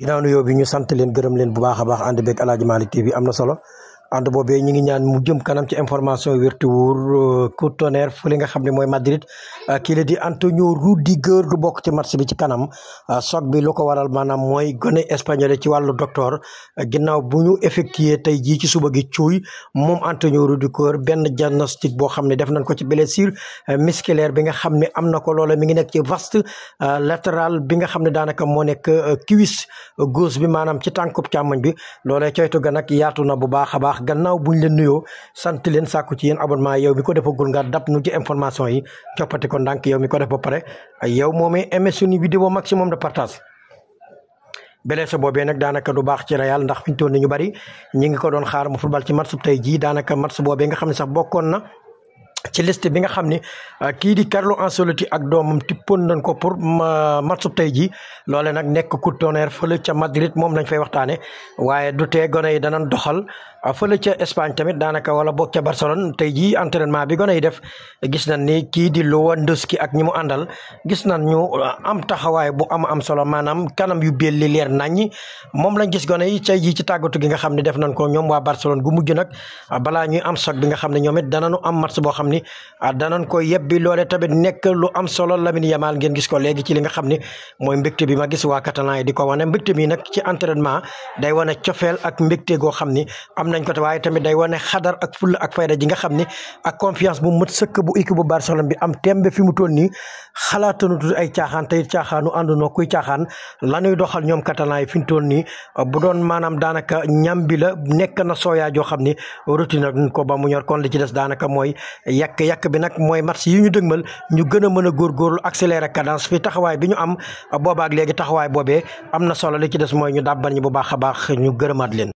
ginnaaw nuyoo bi ñu sant leen gërëm leen bu baax a baax ànd beeg Aladji Malick TV am na solo ànd boobee ñu ngi ñaan mu jëm kanam ci information wértu wóor coup tonnerre fu li nga xam ne mooy Madrid euh, kii la di Antonio Rudiger du bokk ci match bi ci kanam euh, choc bi lu ko waral maanaam mooy gone espagnol ci wàllu doctor euh, ginnaaw bu ñu effectué tey jii ci suba gi cuuy moom Antonio Rudiger benn diagnostic boo xam ne def nañ ko ci blessure musculaire bi nga xam ne am na ko loole mi ngi nekk ci vaste latéral bi nga xam ne daanaka moo nekk cuisse gauche bi maanaam ci tànkub càmmoñ bi loolee coytu ga yaatu na bu baax a baax baax gannaaw buñ leen nuyoo sant leen sàkku ci yéen abonnement yow mi ko defagul nga dab nu ci information yi coppati ko ndànk yow mi ko def ba pare yow moomee aimé suñu vidéo maximum de partage blessé boobee nag daanaka du baax ci Real ndax fi ñu bari ñu ko doon xaar mu football ci match tey jii daanaka match boobee nga xam ne sax bokkoon na ci liste bi nga xam ne ah, kii di Carlo Ancelotti ak doomam tippoon nañ ko pour match tay ji loole nag nekk coup de ca Madrid moom lañ fay waxtaane waaye du tee gone yi danañ doxal ah, fële ca Espagne tamit daanaka wala boog ca Barcelone tey ji entraînement bi gone yi def gis nañ ni kii di Lewandowski ak ñi mu àndal gis nañ ñu ah, am taxawaay bu am am solo maanaam kanam yu belli leer naññi moom lañ gis gone yi tey ji ci gi nga ne def nañ ko ñoom waa Barcelone gu mujj am choc bi nga xam ne ñoom it danañu am boo xam xam ni ah, danañ ko yebbi loole tamit nekk lu am solo Lamine Yamal ngeen gis ko léegi ci li nga xam ni mooy mbégte bi ma gis waa Catalan di ko wane mbégte bi nag ci entraînement day wane cofeel ak mbégte goo xam ni am nañ ko te waaye tamit day wane xadar ak fulla ak fayda ji nga xam ni ak confiance bu mët sëkk bu équipe bu Barcelone bi am tembe fi mu toll nii xalaatanutu ay caaxaan tey caaxaanu àndunoo kuy caaxaan lanuy doxal ñoom Catalan yi fi mu toll nii ah, bu doon maanam daanaka ñam bi la nekk na sooyaa joo xam ni routine ko ba mu ñor kon li ci des daanaka mooy yàq yàq bi nag mooy match yi ñu dëgmal ñu gën a mën a góorgóorlu accélérer cadence fi taxawaay bi ñu am boobaak léegi taxawaay boobe am na solo li ci des mooy ñu dàbbar ñi bu baax a baax ñu gërëmaat leen